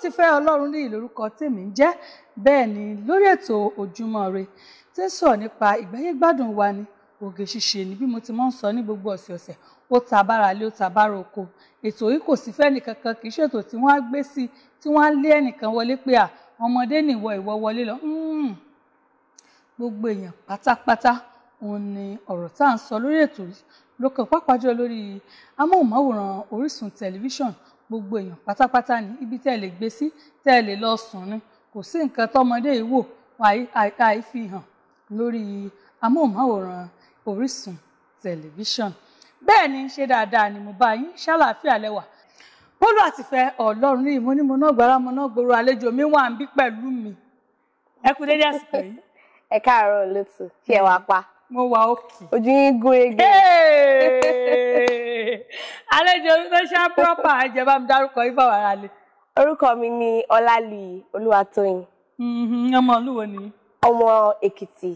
láti fẹ́ ọlọ́run ní ìlórúkọ tèmi ń jẹ́ bẹ́ẹ̀ ni lórí ètò ojúmọ́ re tí ń sọ̀rọ̀ nípa ìgbáyégbádùn wa ni oge ṣíṣe ni bí mo ti máa ń sọ ní gbogbo ọ̀sẹ̀ ọ̀sẹ̀ ó ta bára lé ó ta bára oko ètò yìí kò sí fẹ́ni kankan kì í ṣètò tí wọ́n á gbé sí tí wọ́n á lé ẹnìkan wọlé pé à ọmọdé nìwọ ìwọ wọlé lọ hmm. gbogbo èèyàn pátápátá òun ni ọ̀rọ̀ tá à ń sọ lórí ètò lókàn pàápàá lórí amóhùnmáwòrán Orísun tẹlifíṣàn gbogbo èèyàn pátápátá ni ibi tẹ́ ẹ lè gbé sí tẹ́ ẹ lè lọ sùn ni kò sí nǹkan tọmọdé yìí wò àìfihàn lórí amóhùnmáwòrán Orísun tẹlifíṣàn bẹ́ẹ̀ ni ṣe dáadáa ni mo bá yín ṣàlàáfíà lẹ́wà bólú àtìfẹ́ ọlọ́run ní ìmọ̀ onímọ̀ náà gbára mọ́ náà gbòòrò àlejò mi wà ń bí pẹ̀lú mi ẹ kú dédé àsìkò yìí. ẹ káàárọ̀ lótú kí ẹ wá pa mo wà òkè. ojú yín gún egé. àlejò special proper ìjọba mi dárúkọ yín báwa ra lè. orúkọ mi ni ọlálùyí olúwatóyìn. Mm-hmm, ọmọ olúwo ni. ọmọ èkìtì.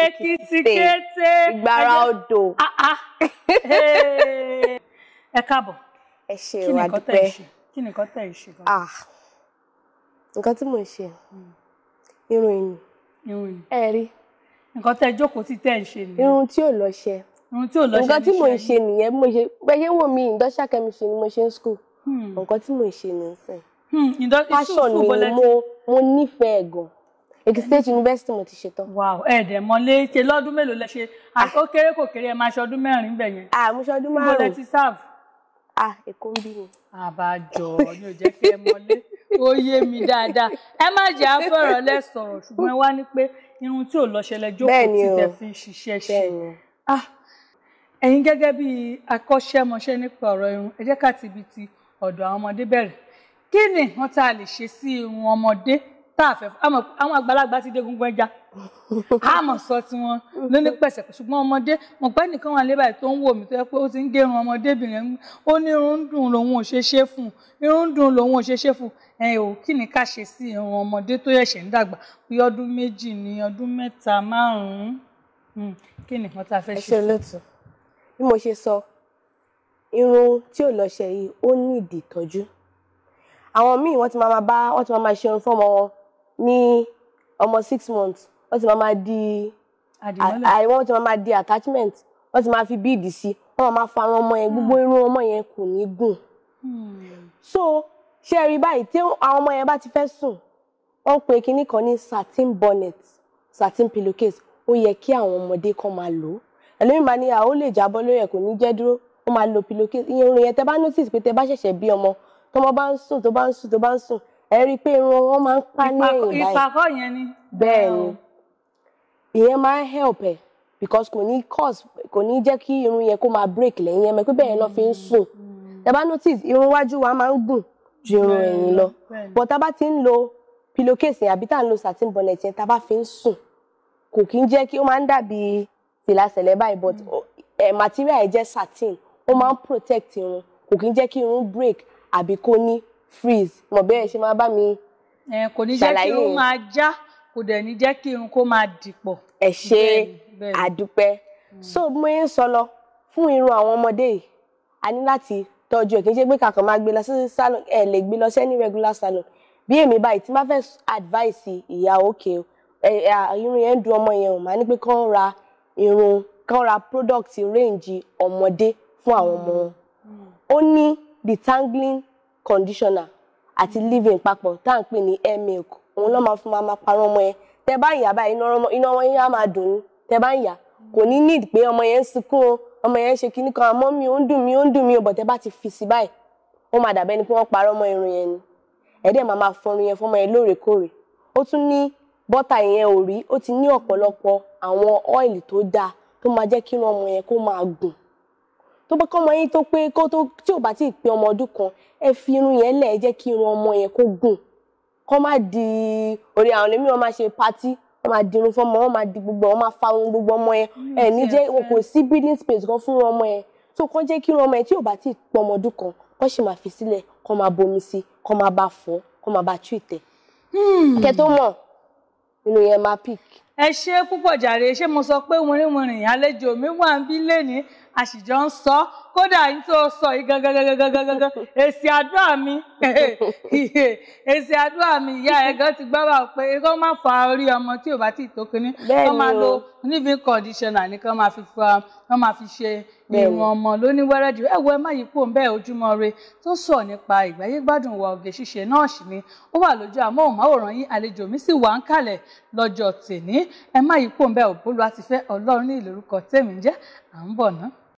èkìtì kété. ìgbára odò. Ah, ah. ẹ káàbọ̀. ẹ ṣe ìwà dúpẹ́. kí ni nǹkan tẹ̀ ẹ́ ṣe gan. Ah, nǹkan tí mò ń ṣe mm. irun ìní. irun ìní. ẹ rí i nǹkan tẹ́ jókòó tí tẹ́ ń ṣe nìyẹn. irun tí ò lọ ṣe. irun tí ò lọ ṣe hmm. nǹkan tí mò ń ṣe nìyẹn mo ṣe gbẹ́yẹ́ wò mí industrial chemistry ni mo ṣe ń school nǹkan tí mò ń ṣe nìyẹn fashion ni mo mo nífẹ̀ẹ́ gan Èkìtì State University mo ti ṣetán. wow ẹ̀ẹ́dẹ̀ mọ́lé ṣe lọ́dún mélòó lẹ ṣe ah. ó kéré kò kéré ẹ máa ṣe ọdún mẹ́rin bẹ̀ yẹn. à mo ṣe ọdún márùn mo lẹ ti serve. ah èkó ń bí mi. àbájọ ni ò jẹ́ kí ẹ mọ́lé. ó yé mi dáadáa ẹ má jẹ́ àfọ̀rọ̀ lẹ́sọ̀rọ̀ ṣùgbọ́n ẹ wá ní pé irun tí ò lọ́ṣẹlẹ̀ jókòó ti tẹ̀ fi ṣiṣẹ́ ṣe ah, ẹ̀yin gẹ́gẹ́ bí akọ́ṣẹ́mọṣẹ́ nípa ọ̀rọ̀ irun ẹ jẹ́ ká ti ibi ti ọ̀dọ̀ àwọn ọmọdé bẹ̀rẹ̀ kí ni wọ́n tá lè ṣe sí irun ọmọdé tá a fẹ́ àwọn àgbàlagbà ti dé ẹja àmọ̀ sọ tiwọn ló ní pẹ̀sẹ̀pẹ̀ ṣùgbọ́n ọmọdé mọ̀ pé nìkan wà lébàá tó ń wò mí tó yẹ pé ó ti ń gé irun ọmọdébìnrin ó ní irun ń dùn lòun ò ṣe ṣe fún irun ń dùn lòun ò ṣe ṣe fún ẹ ò kí ni ká ṣe sí irun ọmọdé tó yẹ̀ṣẹ̀ ń dàgbà bí ọdún méjì ní ọdún mẹ́ta márùn-ún hmm, kí ni wọ́n ta fẹ́ ṣe. ẹ ṣe lóòótọ́ bí mo ṣe sọ irun tí ò lọ ṣe yìí ó ní ìdí ọmọ six months wọ́n ti máa máa di àìwọ́ wọ́n ti máa máa di attachment wọ́n ti máa fi bíìdì sí wọ́n máa máa fa àwọn ọmọ yẹn gbogbo hmm. irun ọmọ yẹn kò ní gùn. Hmm. so ṣe rí báyìí tí àwọn ọmọ yẹn bá ti fẹ́ sùn wọ́n ń pe kinní kan ní satin bonnet satin pillowcase ó yẹ kí àwọn ọmọdé kan máa lò ó ẹlẹ́mìí máa ní àwọn ó lè jábọ́ lórí ẹ̀ kò ní jẹ́ dúró ó máa lo pillowcase ìyẹn irun yẹn tẹ bá notice pé tẹ bá ṣẹ̀ṣẹ̀ bí ọmọ tọmọ bá ń sùn tó bá ń sùn tó bá ń sùn ẹ rí i pé irun wọn máa ń pa ní ẹ̀yìn báyìí ìpàkọ́ yẹn ni. bẹ́ẹ̀ ni ìyẹn máa ń help ẹ because kò ní cause kò ní jẹ́ kí irun yẹn kó máa break lẹ́yìn ẹ̀mẹ́ pé bẹ́ẹ̀ lọ fi ń sùn tẹ́ bá notice irun wájú wa máa ń gùn ju irun ẹ̀yìn lọ but tá bá ti ń lo pillowcase yẹn àbí tá à ń lo satin bonnet yẹn tá bá fi ń sùn kò kí ń jẹ́ kí ó máa ń dàbí tìlà báyìí but hmm. material ẹ̀ jẹ́ satin ó máa ń protect irun kò kí ń jẹ́ kí irun break àbí kó ní freeze mọ̀ bẹ́ẹ̀ ṣe máa bá mi ṣàlàyé kò ní jẹ́ kí irun máa já kò dẹ̀ ní jẹ́ kí irun kó máa dìpọ̀. ẹ ṣe àdúpẹ́ hmm. so mo ń sọ lọ fún irun àwọn ọmọdé yìí a ní láti tọ́jú ẹ̀ kì í ṣe pé kàkàn máa gbé lọ sí salon ẹ̀ lè gbé lọ sí any regular salon bí èmi báyìí tí n fẹ́ advice ìyá òkè irun yẹn ń dùn ọmọ yẹn o màá ní pé kán ra irun kán ra product range ọmọdé fún àwọn ọmọ wọn hmm. ó ní detangling conditioner àti hmm. leave-in papọ̀ tá à ń pè ní hair milk òun ló máa fún máa parọ́ ọmọ yẹn tẹ bá ń yà báyìí iná wọn yẹn á máa dùn ún tẹ bá ń yà kò ní need pé ọmọ yẹn ń sunkún o ọmọ yẹn ń ṣe kinní kan àmọ́ mi ò ń dùn mí ò ń dùn mí o bọ̀ tẹ bá ti fi sí báyìí ó máa dàbẹ́ ni pé wọ́n parọ́ ọmọ irun yẹn ni ẹ̀dẹ̀ máa máa fọrun yẹn fọmọ yẹn lóòrèkóòrè ó tún ní bọ́tà yẹn ò rí ó ti ní ọ̀pọ̀lọpọ̀ àwọn ọ́ìlì tó dáa tó máa jẹ́ kí irun ọmọ yẹn kó máa gùn tó bá kọ́ ọmọ yín tó pé kó tó tí ò bá tí ì pé ọmọ ọdún kan ẹ fi irun yẹn lẹ̀ jẹ́ kí irun ọmọ yẹn kó gùn kọ́ má di orí àwọn ẹlẹ́mìí wọn máa ṣe pati wọn máa dirun fún ọmọ wọn máa di gbogbo wọn máa fa ohun gbogbo ọmọ yẹn ẹ mm, níjẹ́ wọn kò sí breathing space kan fún ọmọ yẹn tó kọ́ jẹ́ kí ọmọ yẹn tí ò bá ti pọ̀ ọmọdún kan kọ́ sì máa fi sílẹ̀ kọ́ máa bomi sí kọ́ máa bá fọ́ kọ́ máa bá tú ìtẹ̀. Hmm. kẹ́ tó mọ̀ nínú yẹn máa pick. ẹ ṣe púpọ̀ jàre ṣé mo sọ pé wọ́nrìnwọ̀nrìn àlejò mi wà ń bí lẹ́ni àṣìjọ ń sọ kódà yín tó sọ yìí gangan gangan gangan èsì àdúrà mi èsì àdúrà mi ìyá ẹ̀gán ti gbọ́ báwo pé kó má fa orí ọmọ tí ò bá tí ì tó kinní kó máa lo living conditioner ní kó máa fi fa kó máa fi ṣe ìwọ̀n ọmọ lóníwẹ́rẹ́ jù ẹ̀wọ̀ ẹ má yí kúrò bẹ́ẹ̀ ojúmọ́ re tó sọ nípa ìgbáyégbádùn wa oge ṣíṣe náà sì ni ó wà lójú àmóhùnmáwòrán yín àlejò mi sì wà ń kalẹ̀ lọ́jọ́ tèní ẹ má yí kúrò bẹ́ẹ̀ òbólú àti fẹ́ ọlọ́run ní ìlórúkọ tèmi jẹ́ à ń bọ̀ náà.